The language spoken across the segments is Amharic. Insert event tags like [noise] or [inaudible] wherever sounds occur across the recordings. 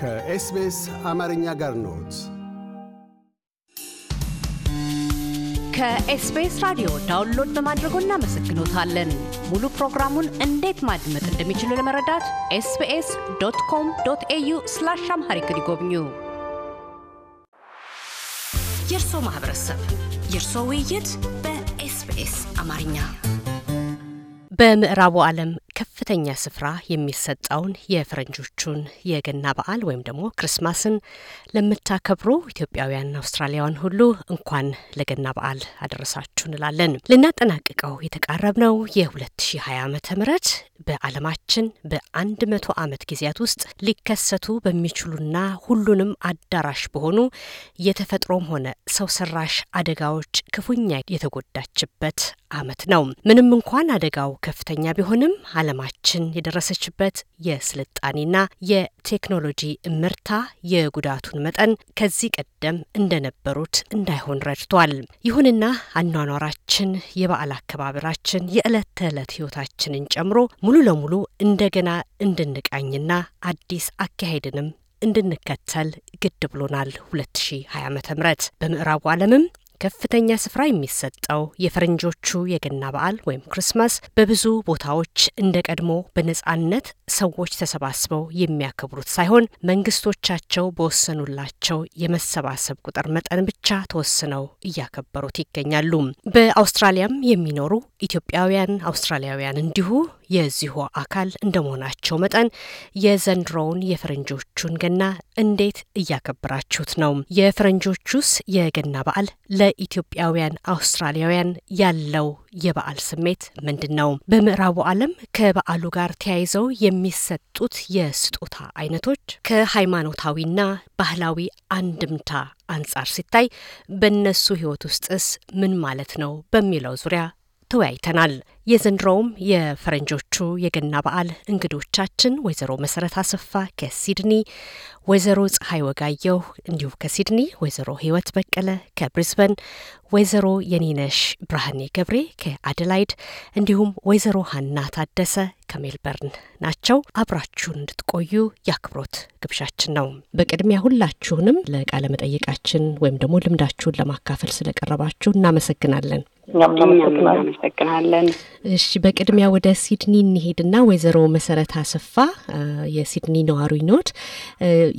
ከኤስቢኤስ አማርኛ ጋር ነት ከኤስቢኤስ ራዲዮ ዳውንሎድ በማድረጎ እናመሰግኖታለን። ሙሉ ፕሮግራሙን እንዴት ማድመጥ እንደሚችሉ ለመረዳት ኤስቢኤስ ዶት ኮም ዶት ኤዩ ስላሽ አምሃሪክ ይጎብኙ። የእርሶ ማህበረሰብ፣ የእርሶ ውይይት በኤስቢኤስ አማርኛ በምዕራቡ ዓለም ከፍተኛ ስፍራ የሚሰጠውን የፈረንጆቹን የገና በዓል ወይም ደግሞ ክርስማስን ለምታከብሩ ኢትዮጵያውያን አውስትራሊያውያን ሁሉ እንኳን ለገና በዓል አደረሳችሁ እንላለን። ልናጠናቅቀው የተቃረብነው የ2020 ዓ ም በዓለማችን በ100 ዓመት ጊዜያት ውስጥ ሊከሰቱ በሚችሉና ሁሉንም አዳራሽ በሆኑ የተፈጥሮም ሆነ ሰው ሰራሽ አደጋዎች ክፉኛ የተጎዳችበት ዓመት ነው። ምንም እንኳን አደጋው ከፍተኛ ቢሆንም ዓለማችን ሀገራችን የደረሰችበት የስልጣኔና የቴክኖሎጂ ምርታ የጉዳቱን መጠን ከዚህ ቀደም እንደነበሩት እንዳይሆን ረድቷል። ይሁንና አኗኗራችን፣ የበዓል አከባበራችን፣ የዕለት ተዕለት ህይወታችንን ጨምሮ ሙሉ ለሙሉ እንደገና እንድንቃኝና አዲስ አካሄድንም እንድንከተል ግድ ብሎናል። 2020 ዓ.ም በምዕራቡ ዓለምም ከፍተኛ ስፍራ የሚሰጠው የፈረንጆቹ የገና በዓል ወይም ክርስማስ በብዙ ቦታዎች እንደ ቀድሞ በነጻነት ሰዎች ተሰባስበው የሚያከብሩት ሳይሆን መንግስቶቻቸው በወሰኑላቸው የመሰባሰብ ቁጥር መጠን ብቻ ተወስነው እያከበሩት ይገኛሉ። በአውስትራሊያም የሚኖሩ ኢትዮጵያውያን አውስትራሊያውያን እንዲሁ የዚሁ አካል እንደመሆናቸው መጠን የዘንድሮውን የፈረንጆቹን ገና እንዴት እያከበራችሁት ነው? የፈረንጆቹስ የገና በዓል ለኢትዮጵያውያን አውስትራሊያውያን ያለው የበዓል ስሜት ምንድን ነው? በምዕራቡ ዓለም ከበዓሉ ጋር ተያይዘው የሚሰጡት የስጦታ አይነቶች ከሃይማኖታዊና ባህላዊ አንድምታ አንጻር ሲታይ በእነሱ ህይወት ውስጥስ ምን ማለት ነው በሚለው ዙሪያ ተወያይተናል። የዘንድሮውም የፈረንጆቹ የገና በዓል እንግዶቻችን ወይዘሮ መሰረት አሰፋ ከሲድኒ፣ ወይዘሮ ፀሐይ ወጋየሁ እንዲሁም ከሲድኒ፣ ወይዘሮ ህይወት በቀለ ከብሪዝበን፣ ወይዘሮ የኒነሽ ብርሃኔ ገብሬ ከአደላይድ እንዲሁም ወይዘሮ ሀና ታደሰ ከሜልበርን ናቸው። አብራችሁን እንድትቆዩ የአክብሮት ግብዣችን ነው። በቅድሚያ ሁላችሁንም ለቃለ መጠይቃችን ወይም ደግሞ ልምዳችሁን ለማካፈል ስለቀረባችሁ እናመሰግናለን። እናመሰግናለን። እሺ በቅድሚያ ወደ ሲድኒ እንሄድና ወይዘሮ መሰረት አሰፋ የሲድኒ ነዋሪ ኖት።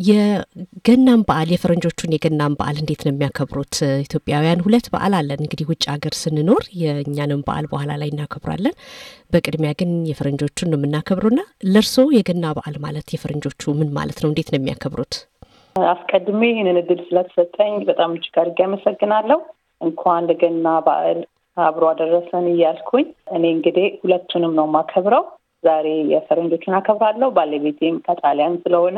የገናን በዓል የፈረንጆቹን የገናን በዓል እንዴት ነው የሚያከብሩት? ኢትዮጵያውያን ሁለት በዓል አለን እንግዲህ ውጭ ሀገር ስንኖር የእኛንም በዓል በኋላ ላይ እናከብራለን። በቅድሚያ ግን የፈረንጆቹን ነው የምናከብሩና ለእርሶ የገና በዓል ማለት የፈረንጆቹ ምን ማለት ነው? እንዴት ነው የሚያከብሩት? አስቀድሜ ይህንን እድል ስለተሰጠኝ በጣም እጅግ አድርጌ አመሰግናለሁ። እንኳን ለገና በዓል አብሮ አደረሰን እያልኩኝ እኔ እንግዲህ ሁለቱንም ነው ማከብረው። ዛሬ የፈረንጆቹን አከብራለሁ። ባለቤቴም ከጣሊያን ስለሆነ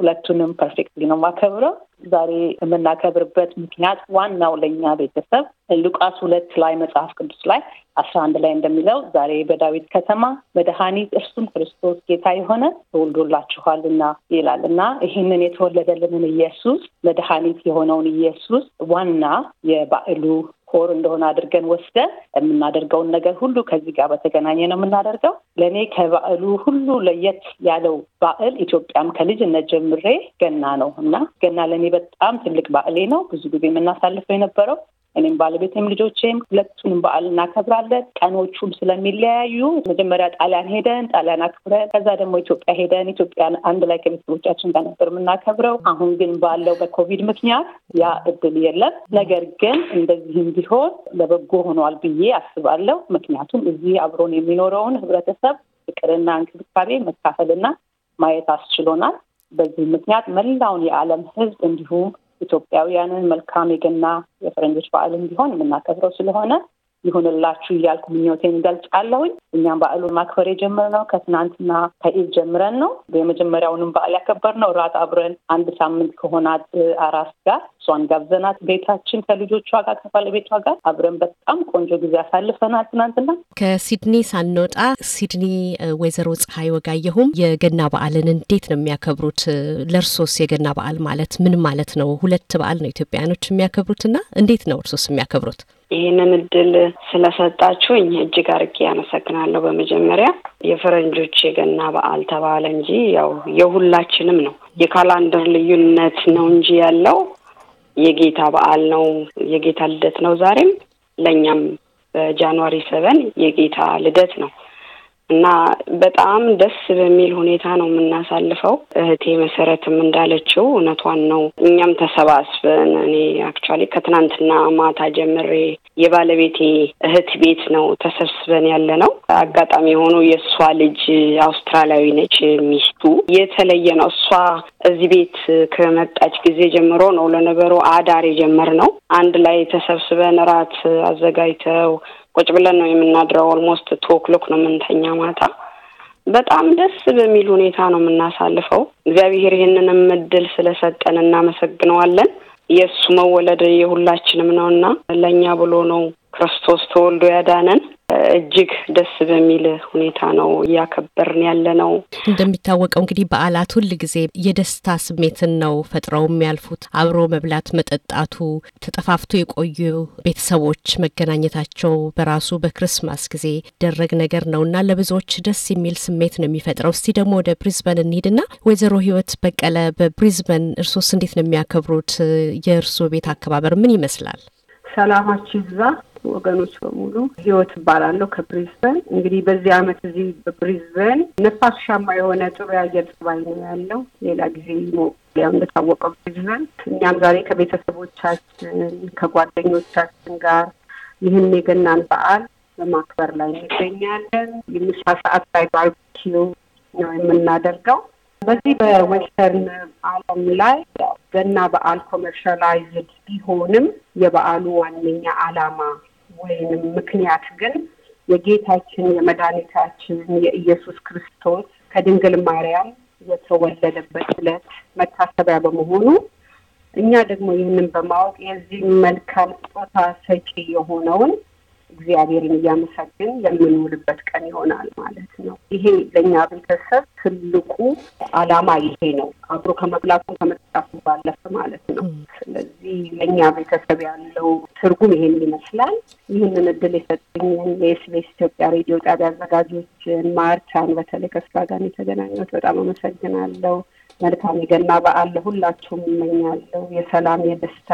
ሁለቱንም ፐርፌክትሊ ነው ማከብረው። ዛሬ የምናከብርበት ምክንያት ዋናው ለእኛ ቤተሰብ ሉቃስ ሁለት ላይ መጽሐፍ ቅዱስ ላይ አስራ አንድ ላይ እንደሚለው ዛሬ በዳዊት ከተማ መድኃኒት እርሱም ክርስቶስ ጌታ የሆነ ተወልዶላችኋልና ይላል እና ይህንን የተወለደልንን ኢየሱስ መድኃኒት የሆነውን ኢየሱስ ዋና የበዓሉ ኮር እንደሆነ አድርገን ወስደን የምናደርገውን ነገር ሁሉ ከዚህ ጋር በተገናኘ ነው የምናደርገው። ለእኔ ከበዓሉ ሁሉ ለየት ያለው በዓል ኢትዮጵያም ከልጅነት ጀምሬ ገና ነው እና ገና ለእኔ በጣም ትልቅ በዓሌ ነው። ብዙ ጊዜ የምናሳልፈው የነበረው እኔም ባለቤቴም ልጆቼም ሁለቱንም በዓል እናከብራለን። ቀኖቹም ስለሚለያዩ መጀመሪያ ጣሊያን ሄደን ጣሊያን አክብረን ከዛ ደግሞ ኢትዮጵያ ሄደን ኢትዮጵያን አንድ ላይ ከቤተሰቦቻችን ጋር ነበር የምናከብረው። አሁን ግን ባለው በኮቪድ ምክንያት ያ እድል የለም። ነገር ግን እንደዚህም ቢሆን ለበጎ ሆኗል ብዬ አስባለሁ። ምክንያቱም እዚህ አብሮን የሚኖረውን ህብረተሰብ ፍቅርና እንክብካቤ መካፈልና ማየት አስችሎናል። በዚህ ምክንያት መላውን የዓለም ህዝብ እንዲሁም ኢትዮጵያውያንን መልካም የገና የፈረንጆች በዓልን ቢሆን የምናከብረው ስለሆነ ይሁንላችሁ እያልኩ ምኞቴን ገልጻለሁኝ። እኛም በዓሉን ማክበር የጀመርነው ከትናንትና ከኢድ ጀምረን ነው። የመጀመሪያውንም በዓል ያከበርነው እራት አብረን አንድ ሳምንት ከሆናት አራስ ጋር እሷን ጋብዘናት ቤታችን ከልጆቿ ጋር ከባለቤቷ ጋር አብረን በጣም ቆንጆ ጊዜ አሳልፈናል። ትናንትና ከሲድኒ ሳንወጣ ሲድኒ ወይዘሮ ፀሐይ ወጋየሁም የገና በዓልን እንዴት ነው የሚያከብሩት? ለእርሶስ የገና በዓል ማለት ምን ማለት ነው? ሁለት በዓል ነው ኢትዮጵያኖች የሚያከብሩትና እንዴት ነው እርሶስ የሚያከብሩት? ይህንን እድል ስለሰጣችሁኝ እጅግ አርጌ ያመሰግናለሁ። በመጀመሪያ የፈረንጆች የገና በዓል ተባለ እንጂ ያው የሁላችንም ነው። የካላንደር ልዩነት ነው እንጂ ያለው የጌታ በዓል ነው። የጌታ ልደት ነው ዛሬም። ለእኛም በጃንዋሪ ሰቨን የጌታ ልደት ነው። እና በጣም ደስ በሚል ሁኔታ ነው የምናሳልፈው። እህቴ መሰረትም እንዳለችው እውነቷን ነው። እኛም ተሰባስበን እኔ አክቹዋሊ ከትናንትና ማታ ጀምሬ የባለቤቴ እህት ቤት ነው ተሰብስበን ያለ ነው። አጋጣሚ የሆኑ የእሷ ልጅ አውስትራሊያዊ ነች ሚስቱ። የተለየ ነው። እሷ እዚህ ቤት ከመጣች ጊዜ ጀምሮ ነው ለነገሩ አዳር የጀመር ነው። አንድ ላይ ተሰብስበን እራት አዘጋጅተው ቁጭ ብለን ነው የምናድረው። ኦልሞስት ቶክሎክ ነው የምንተኛ ማታ። በጣም ደስ በሚል ሁኔታ ነው የምናሳልፈው። እግዚአብሔር ይህንንም እድል ስለሰጠን እናመሰግነዋለን። የእሱ መወለድ የሁላችንም ነው እና ለእኛ ብሎ ነው ክርስቶስ ተወልዶ ያዳነን። እጅግ ደስ በሚል ሁኔታ ነው እያከበርን ያለ ነው። እንደሚታወቀው እንግዲህ በዓላት ሁል ጊዜ የደስታ ስሜትን ነው ፈጥረው የሚያልፉት። አብሮ መብላት፣ መጠጣቱ፣ ተጠፋፍቶ የቆዩ ቤተሰቦች መገናኘታቸው በራሱ በክርስማስ ጊዜ ይደረግ ነገር ነው እና ለብዙዎች ደስ የሚል ስሜት ነው የሚፈጥረው። እስቲ ደግሞ ወደ ብሪዝበን እንሂድና ወይዘሮ ህይወት በቀለ በብሪዝበን እርሶስ እንዴት ነው የሚያከብሩት? የእርሶ ቤት አከባበር ምን ይመስላል? ሰላማችሁ ይብዛ። ወገኖች በሙሉ ህይወት እባላለሁ ከብሪዝበን። እንግዲህ በዚህ አመት እዚህ በብሪዝበን ሻማ የሆነ ጥሩ የአየር ጸባይ ነው ያለው። ሌላ ጊዜ ይሞ ያው እንደታወቀው ብሪዝበን እኛም ዛሬ ከቤተሰቦቻችን ከጓደኞቻችን ጋር ይህን የገናን በዓል በማክበር ላይ እንገኛለን። የምሳ ሰዓት ላይ ባርቢኪዩ ነው የምናደርገው። በዚህ በዌስተርን ዓለም ላይ ገና በዓል ኮመርሻላይዝድ ቢሆንም የበዓሉ ዋነኛ ዓላማ ወይንም ምክንያት ግን የጌታችን የመድኃኒታችን የኢየሱስ ክርስቶስ ከድንግል ማርያም የተወለደበት ዕለት መታሰቢያ በመሆኑ እኛ ደግሞ ይህንን በማወቅ የዚህ መልካም ስጦታ ሰጪ የሆነውን እግዚአብሔርን እያመሰግን የምንውልበት ቀን ይሆናል ማለት ነው። ይሄ ለእኛ ቤተሰብ ትልቁ ዓላማ ይሄ ነው። አብሮ ከመብላቱም ከመጠጣቱ ባለፈ ማለት ነው። ስለዚህ ለእኛ ቤተሰብ ያለው ትርጉም ይሄን ይመስላል። ይህንን እድል የሰጠኝን የኤስቤስ ኢትዮጵያ ሬዲዮ ጣቢያ አዘጋጆችን ማርቻን፣ በተለይ ከእሷ ጋር የተገናኘሁት በጣም አመሰግናለሁ። መልካም የገና በዓል ለሁላችሁም እመኛለሁ። የሰላም የደስታ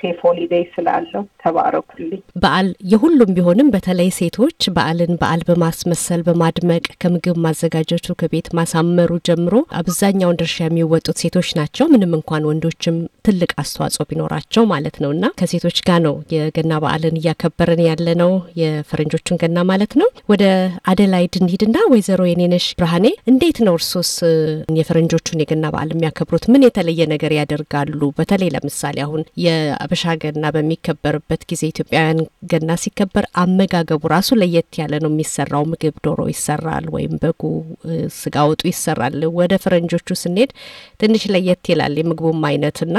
ሴፍ ሆሊዴይ ስላለው ተባረኩልኝ። በዓል የሁሉም ቢሆንም በተለይ ሴቶች በዓልን በዓል በማስመሰል በማድመቅ ከምግብ ማዘጋጀቱ ከቤት ማሳመሩ ጀምሮ አብዛኛውን ድርሻ የሚወጡት ሴቶች ናቸው። ምንም እንኳን ወንዶችም ትልቅ አስተዋጽኦ ቢኖራቸው ማለት ነው እና ከሴቶች ጋር ነው የገና በዓልን እያከበርን ያለ ነው የፈረንጆቹን ገና ማለት ነው። ወደ አደላይድ እንሂድና ወይዘሮ የኔነሽ ብርሃኔ እንዴት ነው እርሶስ የፈረንጆቹን የገና ገና በዓል የሚያከብሩት ምን የተለየ ነገር ያደርጋሉ? በተለይ ለምሳሌ አሁን የአበሻ ገና በሚከበርበት ጊዜ ኢትዮጵያውያን ገና ሲከበር አመጋገቡ ራሱ ለየት ያለ ነው የሚሰራው። ምግብ ዶሮ ይሰራል፣ ወይም በጉ ስጋ ወጡ ይሰራል። ወደ ፈረንጆቹ ስንሄድ ትንሽ ለየት ይላል የምግቡም አይነት እና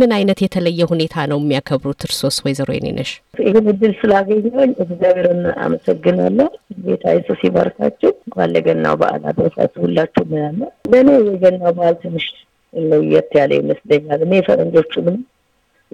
ምን አይነት የተለየ ሁኔታ ነው የሚያከብሩት? እርሶስ ወይዘሮ የኔነሽ? ይህን እድል ስላገኘሁኝ እግዚአብሔርን አመሰግናለሁ። ጌታ ኢየሱስ ይባርካችሁ። እንኳን ለገናው በዓል አደረሳችሁ ሁላችሁ ምናምን ለእኔ የገና በዓል ትንሽ ለየት ያለ ይመስለኛል። እኔ ፈረንጆቹንም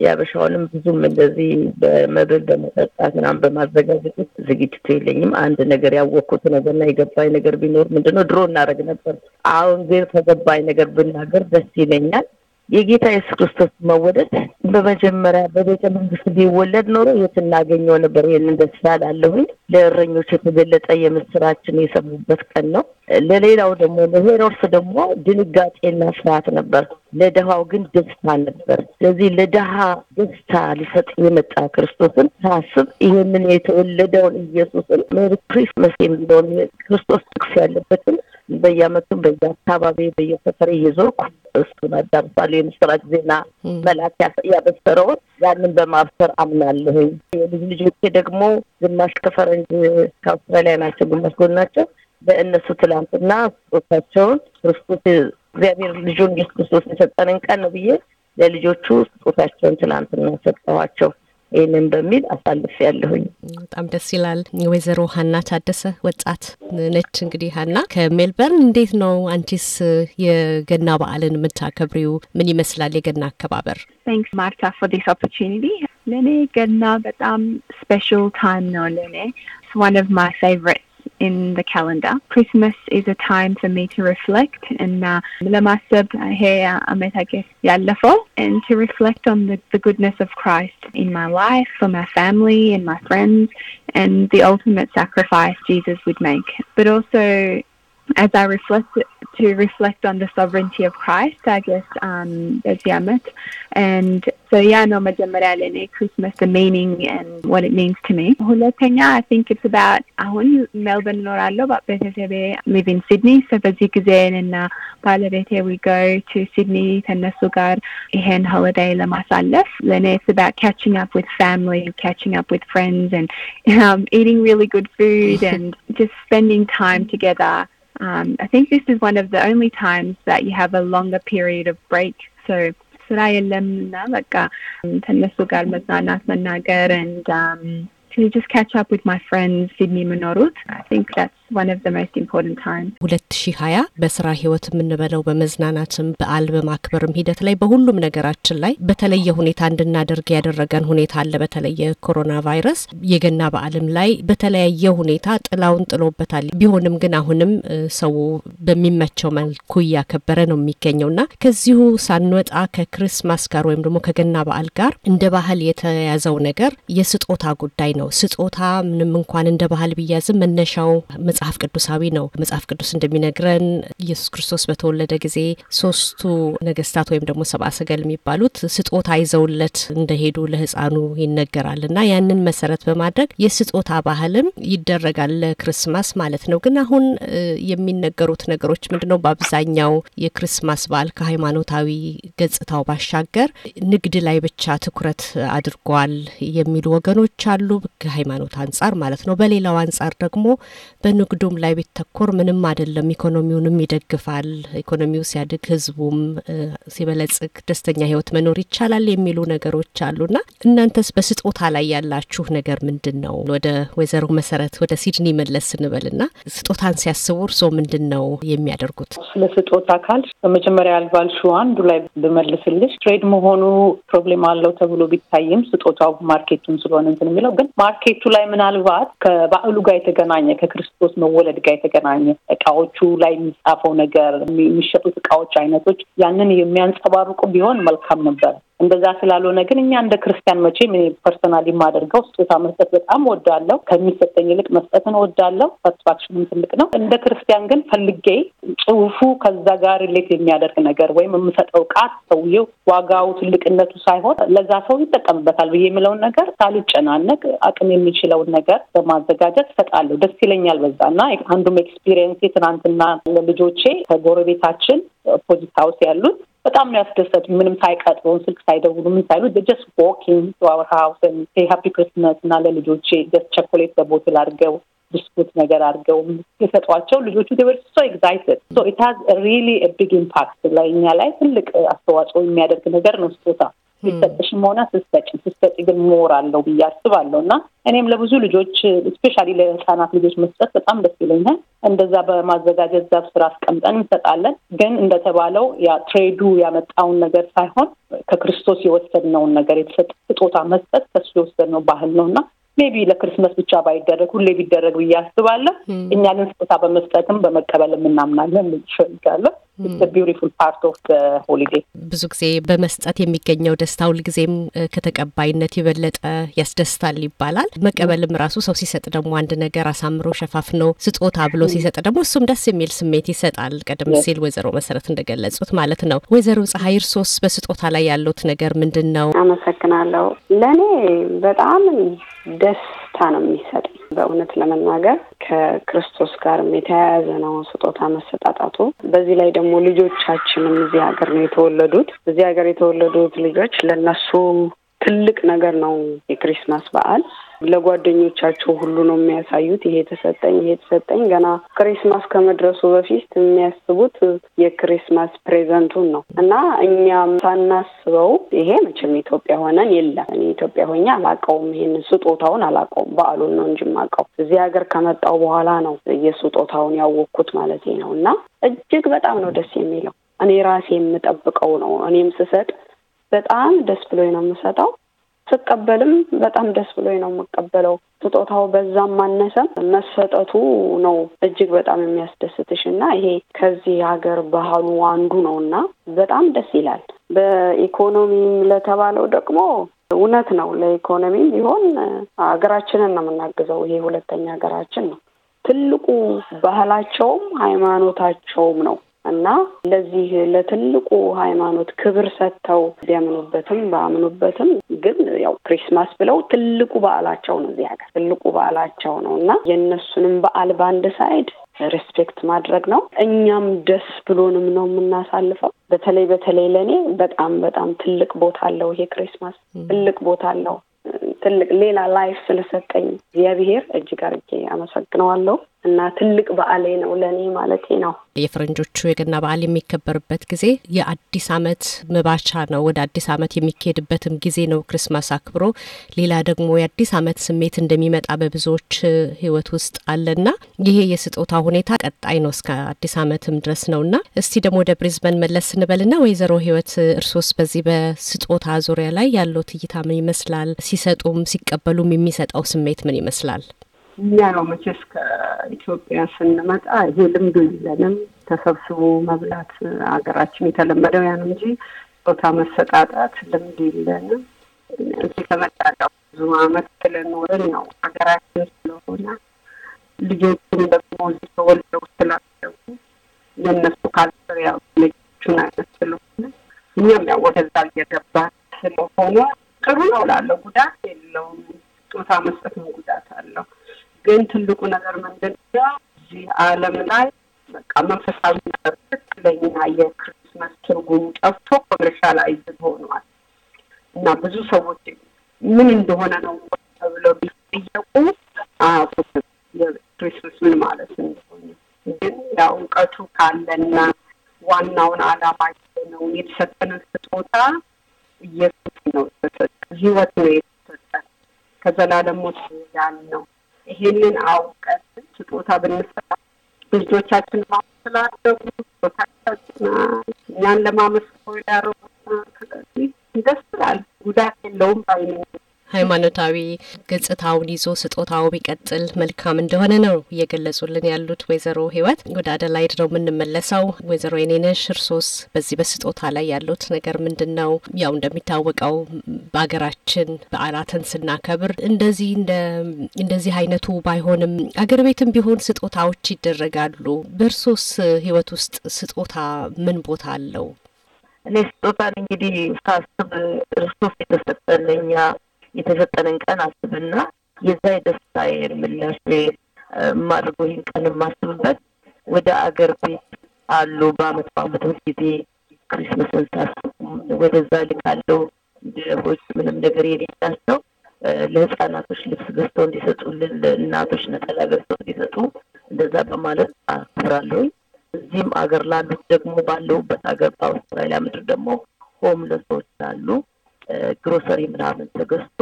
ያበሻውንም ብዙም እንደዚህ በመብል በመጠጣት ምናምን በማዘጋጀት ዝግጅቱ የለኝም። አንድ ነገር ያወቅኩት ነገርና የገባኝ ነገር ቢኖር ምንድነው ድሮ እናደርግ ነበር። አሁን ግን ከገባኝ ነገር ብናገር ደስ ይለኛል። የጌታ ኢየሱስ ክርስቶስ መወለድ በመጀመሪያ በቤተ መንግስት ቢወለድ ኖሮ የት እናገኘው ነበር? ይህንን ደስታ ላለሁኝ ለእረኞች የተገለጠ የምስራችን የሰሙበት ቀን ነው። ለሌላው ደግሞ ለሄሮድስ ደግሞ ድንጋጤና ፍርሃት ነበር። ለድሃው ግን ደስታ ነበር። ስለዚህ ለድሃ ደስታ ሊሰጥ የመጣ ክርስቶስን ሳስብ ይህንን የተወለደውን ኢየሱስን ሜሪ ክሪስመስ የሚለውን ክርስቶስ ጥቅስ ያለበትን በየአመቱ በየአካባቢ በየሰፈር እየዞርኩ እሱን አዳርሳለሁ። የምስራች ዜና መላክ ያበሰረውን ያንን በማብሰር አምናለሁኝ። የልጅ ልጆቼ ደግሞ ግማሽ ከፈረንጅ ከአውስትራሊያ ናቸው፣ ግማሽ ጎን ናቸው። በእነሱ ትላንትና ስጦታቸውን ክርስቶስ እግዚአብሔር ልጁን ኢየሱስ ክርስቶስ የሰጠንን ቀን ነው ብዬ ለልጆቹ ስጦታቸውን ትላንትና ሰጠኋቸው። ይህንን በሚል አሳልፍ ያለሁኝ። በጣም ደስ ይላል። ወይዘሮ ሀና ታደሰ ወጣት ነች። እንግዲህ ሀና ከሜልበርን እንዴት ነው አንቺስ የገና በዓልን የምታከብሪው? ምን ይመስላል የገና አከባበር? ንክስ ማርታ ፎር ዲስ ኦፖርቹኒቲ ለእኔ ገና በጣም ስፔሻል ታይም ነው ለእኔ ዋን ኦፍ ማይ ፌቨሪት in the calendar. Christmas is a time for me to reflect and ለማሰብ uh, uh, and to reflect on the, the goodness of Christ in my life, for my family and my friends, and the ultimate sacrifice Jesus would make, but also as I reflect to reflect on the sovereignty of Christ, I guess um, there's Yamit. And so yeah, no Majamaralene Christmas, the meaning and what it means to me. I think it's about አሁን ሜልበርን እኖራለሁ በቤተሰቤ ሊቭ ኢን ሲድኒ ሶ በዚህ ጊዜን እና ባለቤቴ ዊ ጎ ቱ ሲድኒ ከእነሱ ጋር it's about catching up with family catching up with friends and um, eating really good food [laughs] and just spending time together um, I think this is one of the only times that you have a longer period of break. So uh, and um, to just catch up with my friends Sydney Monorut. I think that's ሁለት ሺ ሀያ በስራ ህይወት የምንበለው በመዝናናትም በዓል በማክበርም ሂደት ላይ በሁሉም ነገራችን ላይ በተለየ ሁኔታ እንድናደርግ ያደረገን ሁኔታ አለ። በተለየ ኮሮና ቫይረስ የገና በዓልም ላይ በተለያየ ሁኔታ ጥላውን ጥሎበታል። ቢሆንም ግን አሁንም ሰው በሚመቸው መልኩ እያከበረ ነው የሚገኘው እና ከዚሁ ሳንወጣ ከክርስማስ ጋር ወይም ደግሞ ከገና በዓል ጋር እንደ ባህል የተያዘው ነገር የስጦታ ጉዳይ ነው። ስጦታ ምንም እንኳን እንደ ባህል ብያዝም መነሻው መጽሐፍ ቅዱሳዊ ነው። መጽሐፍ ቅዱስ እንደሚነግረን ኢየሱስ ክርስቶስ በተወለደ ጊዜ ሶስቱ ነገስታት ወይም ደግሞ ሰብአ ሰገል የሚባሉት ስጦታ ይዘውለት እንደሄዱ ለህፃኑ ይነገራል እና ያንን መሰረት በማድረግ የስጦታ ባህልም ይደረጋል ለክርስማስ ማለት ነው። ግን አሁን የሚነገሩት ነገሮች ምንድነው? በአብዛኛው የክርስማስ በዓል ከሃይማኖታዊ ገጽታው ባሻገር ንግድ ላይ ብቻ ትኩረት አድርጓል የሚሉ ወገኖች አሉ፣ ከሃይማኖት አንጻር ማለት ነው። በሌላው አንጻር ደግሞ በን ንግዱም ላይ ቤት ተኮር ምንም አይደለም። ኢኮኖሚውንም ይደግፋል። ኢኮኖሚው ሲያድግ ህዝቡም ሲበለጽግ ደስተኛ ህይወት መኖር ይቻላል የሚሉ ነገሮች አሉና እናንተስ በስጦታ ላይ ያላችሁ ነገር ምንድን ነው? ወደ ወይዘሮ መሰረት ወደ ሲድኒ መለስ ስንበልና ስጦታን ሲያስቡ እርሶ ምንድን ነው የሚያደርጉት? ስለ ስጦታ ካል በመጀመሪያ ያልባልሹ አንዱ ላይ ብመልስልሽ ትሬድ መሆኑ ፕሮብሌም አለው ተብሎ ቢታይም ስጦታው ማርኬቱን ስለሆነ እንትን የሚለው ግን ማርኬቱ ላይ ምናልባት ከባዕሉ ጋር የተገናኘ ከክርስቶስ መወለድ ጋር የተገናኘ እቃዎቹ ላይ የሚጻፈው ነገር፣ የሚሸጡት እቃዎች አይነቶች ያንን የሚያንጸባርቁ ቢሆን መልካም ነበር። እንደዛ ስላልሆነ ግን እኛ እንደ ክርስቲያን መቼም ፐርሰናል የማደርገው ስጦታ መስጠት በጣም ወዳለው ከሚሰጠኝ ይልቅ መስጠትን ወዳለው። ሳትስፋክሽንም ትልቅ ነው። እንደ ክርስቲያን ግን ፈልጌ ጽሁፉ ከዛ ጋር ሌት የሚያደርግ ነገር ወይም የምሰጠው ቃት ሰውዬው ዋጋው ትልቅነቱ ሳይሆን ለዛ ሰው ይጠቀምበታል ብዬ የሚለውን ነገር ሳልጨናነቅ አቅም የሚችለውን ነገር በማዘጋጀት እሰጣለሁ። ደስ ይለኛል በዛ እና አንዱም ኤክስፒሪየንስ ትናንትና ለልጆቼ ከጎረቤታችን ፖዚት ሀውስ ያሉት በጣም ነው ያስደሰቱ። ምንም ሳይቀጥሩን ስልክ ሳይደውሉ ምን ሳይሉ ጀስት ዎኪንግ ቱ አወር ሀውስ ሀፒ ክርስትመስ እና ለልጆቼ ጀስት ቸኮሌት በቦትል አድርገው ብስኩት ነገር አድርገው የሰጧቸው ልጆቹ ቴበር ሶ ኤግዛይትድ ሶ ኢት ሀዝ ሪሊ ቢግ ኢምፓክት ላይ እኛ ላይ ትልቅ አስተዋጽኦ የሚያደርግ ነገር ነው ስጦታ ሊሰጥሽም ሆነ ስትሰጪም ስትሰጪ ግን ሞር አለው ብዬ አስባለሁ እና እኔም ለብዙ ልጆች ስፔሻሊ ለህፃናት ልጆች መስጠት በጣም ደስ ይለኛል። እንደዛ በማዘጋጀት ዛብ ስራ አስቀምጠን እንሰጣለን። ግን እንደተባለው ያ ትሬዱ ያመጣውን ነገር ሳይሆን ከክርስቶስ የወሰድነውን ነገር የተሰጠ ስጦታ መስጠት ከሱ የወሰድነው ባህል ነው እና ሜቢ ለክርስመስ ብቻ ባይደረግ ሁሌ ቢደረግ ብዬ አስባለሁ። እኛ ግን ስጦታ በመስጠትም በመቀበልም እናምናለን ልጅ እፈልጋለሁ። Hmm. ብዙ ጊዜ በመስጠት የሚገኘው ደስታ ሁልጊዜም ከተቀባይነት የበለጠ ያስደስታል ይባላል። መቀበልም hmm. ራሱ ሰው ሲሰጥ ደግሞ አንድ ነገር አሳምሮ ሸፋፍኖ ስጦታ ብሎ hmm. ሲሰጥ ደግሞ እሱም ደስ የሚል ስሜት ይሰጣል። ቀደም ሲል ወይዘሮ መሰረት እንደገለጹት ማለት ነው። ወይዘሮ ፀሐይ እርሶስ በስጦታ ላይ ያሉት ነገር ምንድን ነው? አመሰግናለሁ። ለእኔ በጣም ደስ ደስታ ነው የሚሰጥ። በእውነት ለመናገር ከክርስቶስ ጋርም የተያያዘ ነው ስጦታ መሰጣጣቱ። በዚህ ላይ ደግሞ ልጆቻችንም እዚህ ሀገር ነው የተወለዱት። እዚህ ሀገር የተወለዱት ልጆች ለነሱ ትልቅ ነገር ነው የክሪስማስ በዓል። ለጓደኞቻቸው ሁሉ ነው የሚያሳዩት። ይሄ የተሰጠኝ ይሄ የተሰጠኝ ገና ክሪስማስ ከመድረሱ በፊት የሚያስቡት የክሪስማስ ፕሬዘንቱን ነው እና እኛም ሳናስበው ይሄ መቼም ኢትዮጵያ ሆነን የለም እኔ ኢትዮጵያ ሆኜ አላውቀውም። ይሄንን ስጦታውን አላውቀውም። በዓሉን ነው እንጂ የማውቀው እዚህ ሀገር ከመጣው በኋላ ነው የስጦታውን ያወቅኩት ማለት ነው እና እጅግ በጣም ነው ደስ የሚለው። እኔ ራሴ የምጠብቀው ነው። እኔም ስሰጥ በጣም ደስ ብሎኝ ነው የምሰጠው። ስቀበልም በጣም ደስ ብሎኝ ነው የምቀበለው። ስጦታው በዛም ማነሰም መሰጠቱ ነው እጅግ በጣም የሚያስደስትሽ እና ይሄ ከዚህ ሀገር ባህሉ አንዱ ነው እና በጣም ደስ ይላል። በኢኮኖሚም ለተባለው ደግሞ እውነት ነው። ለኢኮኖሚም ቢሆን ሀገራችንን ነው የምናግዘው። ይሄ ሁለተኛ ሀገራችን ነው። ትልቁ ባህላቸውም ሃይማኖታቸውም ነው። እና ለዚህ ለትልቁ ሃይማኖት ክብር ሰጥተው ቢያምኑበትም ባምኑበትም ግን ያው ክሪስማስ ብለው ትልቁ በዓላቸው ነው። እዚህ ሀገር ትልቁ በዓላቸው ነው እና የእነሱንም በዓል በአንድ ሳይድ ሬስፔክት ማድረግ ነው። እኛም ደስ ብሎንም ነው የምናሳልፈው። በተለይ በተለይ ለእኔ በጣም በጣም ትልቅ ቦታ አለው ይሄ ክሪስማስ ትልቅ ቦታ አለው። ትልቅ ሌላ ላይፍ ስለሰጠኝ እግዚአብሔር እጅግ አድርጌ አመሰግነዋለሁ። እና ትልቅ በዓሌ ነው ለእኔ ማለቴ ነው። የፈረንጆቹ የገና በዓል የሚከበርበት ጊዜ የአዲስ ዓመት መባቻ ነው። ወደ አዲስ ዓመት የሚካሄድበትም ጊዜ ነው ክርስማስ አክብሮ። ሌላ ደግሞ የአዲስ ዓመት ስሜት እንደሚመጣ በብዙዎች ሕይወት ውስጥ አለና ይሄ የስጦታ ሁኔታ ቀጣይ ነው እስከ አዲስ ዓመትም ድረስ ነውና እስቲ ደግሞ ወደ ብሪዝበን መለስ ስንበልና ወይዘሮ ሕይወት እርሶስ በዚህ በስጦታ ዙሪያ ላይ ያለው ትይታ ምን ይመስላል? ሲሰጡም ሲቀበሉም የሚሰጠው ስሜት ምን ይመስላል? እኛ ነው መቼስ ከኢትዮጵያ ስንመጣ ይሄ ልምዱ የለንም። ተሰብስቦ መብላት ሀገራችን የተለመደው ያን እንጂ ቦታ መሰጣጣት ልምድ የለንም። እዚህ ከመጣለው ብዙ አመት ስለኖርን ያው ሀገራችን ስለሆነ ልጆቹም ደግሞ እዚህ ተወልደው ስላደጉ የእነሱ ካልቸር ያው ልጆቹን አይነት ስለሆነ እኛም ያው ወደዛ እየገባ ስለሆነ ጥሩ ነው ላለው ጉዳት የለውም። ጾታ መስጠት ነው ጉዳት አለው። ግን ትልቁ ነገር ምንድን ነው? እዚህ ዓለም ላይ በቃ መንፈሳዊ ነገር ትክክለኛ የክሪስማስ ትርጉም ጠፍቶ ኮሜርሻላይዝድ ሆኗል እና ብዙ ሰዎች ምን እንደሆነ ነው ተብለው ቢጠየቁ ክሪስማስ ምን ማለት እንደሆነ። ግን ያው እውቀቱ ካለና ዋናውን ዓላማ ነው የተሰጠንን ስጦታ ኢየሱስ ነው የተሰጠ ህይወት ነው የተሰጠ ከዘላለም ሞት ያን ነው ይሄንን አውቀት ስጦታ ብንሰራ ልጆቻችን ስላደጉ ስጦታችን እኛን ለማመስገን ያደረጉ ደስ ይላል። ጉዳት የለውም ባይነ ሃይማኖታዊ ገጽታውን ይዞ ስጦታው ቢቀጥል መልካም እንደሆነ ነው እየገለጹልን ያሉት ወይዘሮ ህይወት። ወደ አደላይድ ነው የምንመለሰው። ወይዘሮ የኔነሽ እርሶስ በዚህ በስጦታ ላይ ያሉት ነገር ምንድን ነው? ያው እንደሚታወቀው በሀገራችን በዓላትን ስናከብር እንደዚህ እንደዚህ አይነቱ ባይሆንም አገር ቤትም ቢሆን ስጦታዎች ይደረጋሉ። በእርሶስ ህይወት ውስጥ ስጦታ ምን ቦታ አለው? እኔ ስጦታን እንግዲህ ሳስብ እርሶስ የተሰጠን እኛ የተሰጠንን ቀን አስብና የዛ የደስታ የምላሽ ማድርጎ ይህን ቀን የማስብበት ወደ አገር ቤት አሉ በአመት በአመት ጊዜ ክሪስመስን ሳስብ ወደዛ ልካለው ደቦች ምንም ነገር የሌላቸው ለህፃናቶች ልብስ ገዝተው እንዲሰጡልን፣ ለእናቶች ነጠላ ገዝተው እንዲሰጡ እንደዛ በማለት አክብራለሁኝ። እዚህም አገር ላሉት ደግሞ ባለውበት አገር በአውስትራሊያ ምድር ደግሞ ሆምለሶች አሉ። ግሮሰሪ ምናምን ተገዝቶ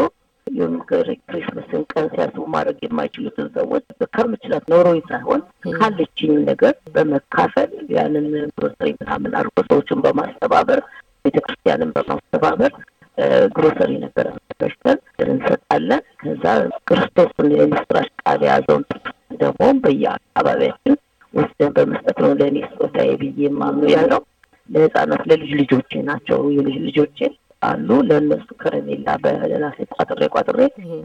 ክሪስመስን ቀን ሲያስቡ ማድረግ የማይችሉትን ሰዎች ከምችላት ኖሮኝ ሳይሆን ካለችኝ ነገር በመካፈል ያንን ግሮሰሪ ምናምን አድርጎ ሰዎችን በማስተባበር ቤተክርስቲያንን በማስተባበር ግሮሰሪ ነገር ተሽተን እንሰጣለን። ከዛ ክርስቶስን የምስራች ቃል የያዘውን ደግሞ በየአካባቢያችን ወስደን በመስጠት ነው ለእኔ ስጦታዬ ብዬ የማምኑ ያለው ለህፃናት ለልጅ ልጆቼ ናቸው የልጅ ልጆቼ አሉ ለእነሱ ከረሜላ በደላሴ ቋጥሬ ቋጥሬ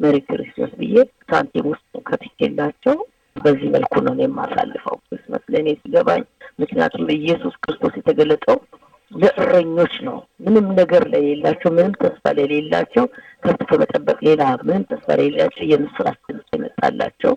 መሪ ክርስቶስ ብዬ ሳንቲም ውስጥ ከትኬላቸው በዚህ መልኩ ነው የማሳልፈው ክርስመስ ለእኔ ሲገባኝ። ምክንያቱም ኢየሱስ ክርስቶስ የተገለጠው ለእረኞች ነው። ምንም ነገር ለሌላቸው፣ ምንም ተስፋ ለሌላቸው፣ ከብት ከመጠበቅ ሌላ ምንም ተስፋ ለሌላቸው የምስራች ድምፅ የመጣላቸው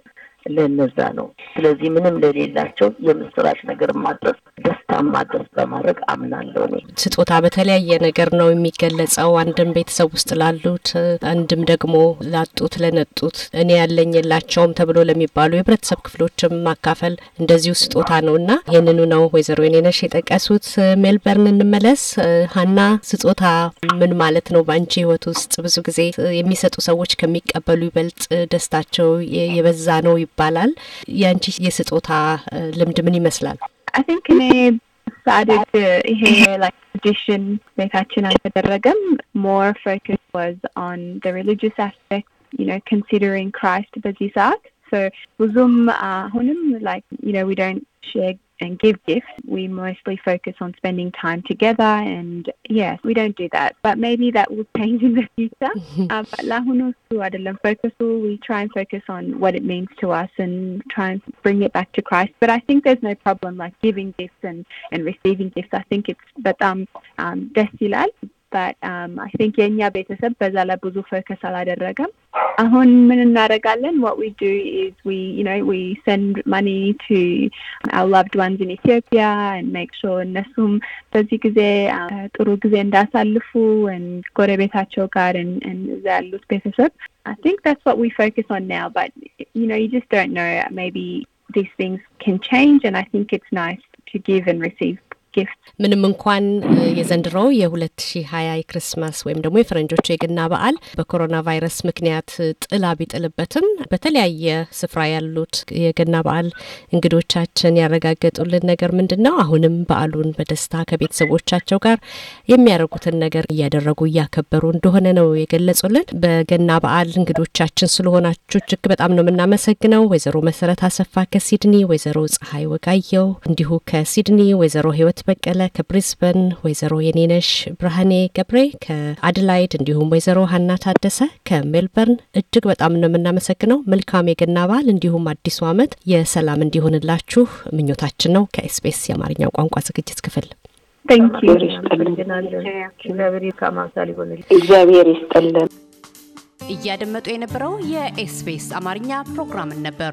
ለነዛ ነው። ስለዚህ ምንም ለሌላቸው የምስራች ነገር ማድረስ ደስታ ማድረስ በማድረግ አምናለሁ። እኔ ስጦታ በተለያየ ነገር ነው የሚገለጸው። አንድም ቤተሰብ ውስጥ ላሉት፣ አንድም ደግሞ ላጡት፣ ለነጡት፣ እኔ ያለኝ የላቸውም ተብሎ ለሚባሉ የህብረተሰብ ክፍሎችም ማካፈል እንደዚሁ ስጦታ ነው እና ይህንኑ ነው ወይዘሮ የኔነሽ የጠቀሱት። ሜልበርን እንመለስ። ሀና ስጦታ ምን ማለት ነው በአንቺ ህይወት ውስጥ? ብዙ ጊዜ የሚሰጡ ሰዎች ከሚቀበሉ ይበልጥ ደስታቸው የበዛ ነው ይባላል። ያንቺ የስጦታ ልምድ ምን ይመስላል? አይ ቲንክ እኔ ሳድግ ይሄ ላይክ ትራዲሽን ቤታችን አልተደረገም። ሞር ፎከስ ዋዝ ኦን ዘ ሪሊጂየስ አስፔክት ዩ ኖ ኮንሲደሪንግ ክራይስት በዚህ ሰዓት ብዙም አሁንም ላይክ ዩ ኖ ዊ ዶንት share and give gifts. We mostly focus on spending time together, and yes, we don't do that. But maybe that will [laughs] change in the future. [laughs] uh, but lahunusu We try and focus on what it means to us and try and bring it back to Christ. But I think there's no problem like giving gifts and, and receiving gifts. I think it's but um um አይ ቲንክ የእኛ ቤተሰብ በዛ ላይ ብዙ ፎከስ አላደረገም። አሁን ምን እናደርጋለን? what we do is we you know we send money to our loved ones in Ethiopia and make sure እነሱም በዚህ ጊዜ uh, ጥሩ ጊዜ እንዳሳልፉ and ጎረቤታቸው ጋር and እዛ ያሉት ቤተሰብ I think that's what we focus on now but you know you just don't know maybe these things can change and I think it's nice to give and receive ጊፍት ምንም እንኳን የዘንድሮ የ2020 የክርስማስ ወይም ደግሞ የፈረንጆቹ የገና በዓል በኮሮና ቫይረስ ምክንያት ጥላ ቢጥልበትም በተለያየ ስፍራ ያሉት የገና በዓል እንግዶቻችን ያረጋገጡልን ነገር ምንድን ነው? አሁንም በዓሉን በደስታ ከቤተሰቦቻቸው ጋር የሚያደርጉትን ነገር እያደረጉ እያከበሩ እንደሆነ ነው የገለጹልን። በገና በዓል እንግዶቻችን ስለሆናችሁ እጅግ በጣም ነው የምናመሰግነው። ወይዘሮ መሰረት አሰፋ ከሲድኒ፣ ወይዘሮ ፀሐይ ወጋየው እንዲሁ ከሲድኒ፣ ወይዘሮ ህይወት በቀለ ከብሪስበን፣ ወይዘሮ የኔነሽ ብርሃኔ ገብሬ ከአድላይድ እንዲሁም ወይዘሮ ሀና ታደሰ ከሜልበርን እጅግ በጣም ነው የምናመሰግነው። መልካም የገና በዓል እንዲሁም አዲሱ ዓመት የሰላም እንዲሆንላችሁ ምኞታችን ነው። ከኤስቢኤስ የአማርኛው ቋንቋ ዝግጅት ክፍል እግዚአብሔር ይስጥልን። እያደመጡ የነበረው የኤስቢኤስ አማርኛ ፕሮግራምን ነበር።